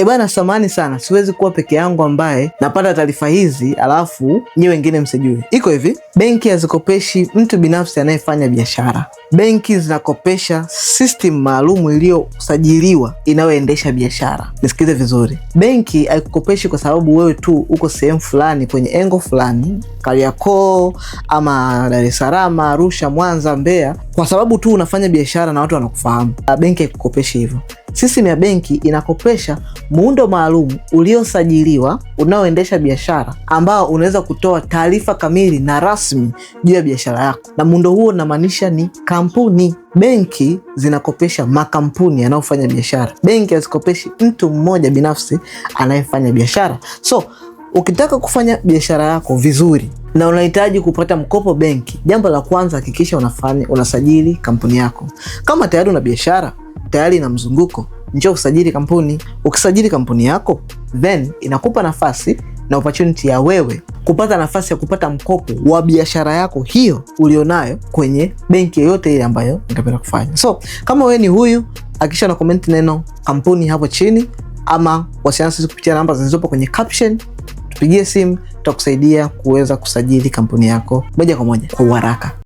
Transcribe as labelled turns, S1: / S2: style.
S1: E bwana, samani sana, siwezi kuwa peke yangu ambaye napata taarifa hizi alafu nyi wengine msijue. Iko hivi, benki hazikopeshi mtu binafsi anayefanya biashara benki zinakopesha system maalumu iliyosajiliwa inayoendesha biashara. Nisikize vizuri, benki haikukopeshi kwa sababu wewe tu uko sehemu fulani kwenye engo fulani Kariakoo ama Dar es Salaam, Arusha, Mwanza, Mbeya, kwa sababu tu unafanya biashara na watu wanakufahamu. Ah, benki haikukopeshi hivyo. System ya benki inakopesha muundo maalum uliosajiliwa unaoendesha biashara ambao unaweza kutoa taarifa kamili na rasmi juu ya biashara yako, na muundo huo unamaanisha ni makampuni, benki zinakopesha makampuni yanayofanya biashara. Benki hazikopeshi mtu mmoja binafsi anayefanya biashara. So ukitaka kufanya biashara yako vizuri na unahitaji kupata mkopo benki, jambo la kwanza hakikisha unafanya unasajili kampuni yako. Kama tayari una biashara tayari ina mzunguko, njoo usajili kampuni. Ukisajili kampuni yako, then inakupa nafasi na opportunity ya wewe kupata nafasi ya kupata mkopo wa biashara yako hiyo ulionayo kwenye benki yoyote ile ambayo ungependa kufanya. So kama wewe ni huyu, hakikisha na comment neno kampuni hapo chini, ama wasiliana sisi kupitia namba zilizopo kwenye caption. Tupigie simu, tutakusaidia kuweza kusajili kampuni yako moja kwa moja kwa uharaka.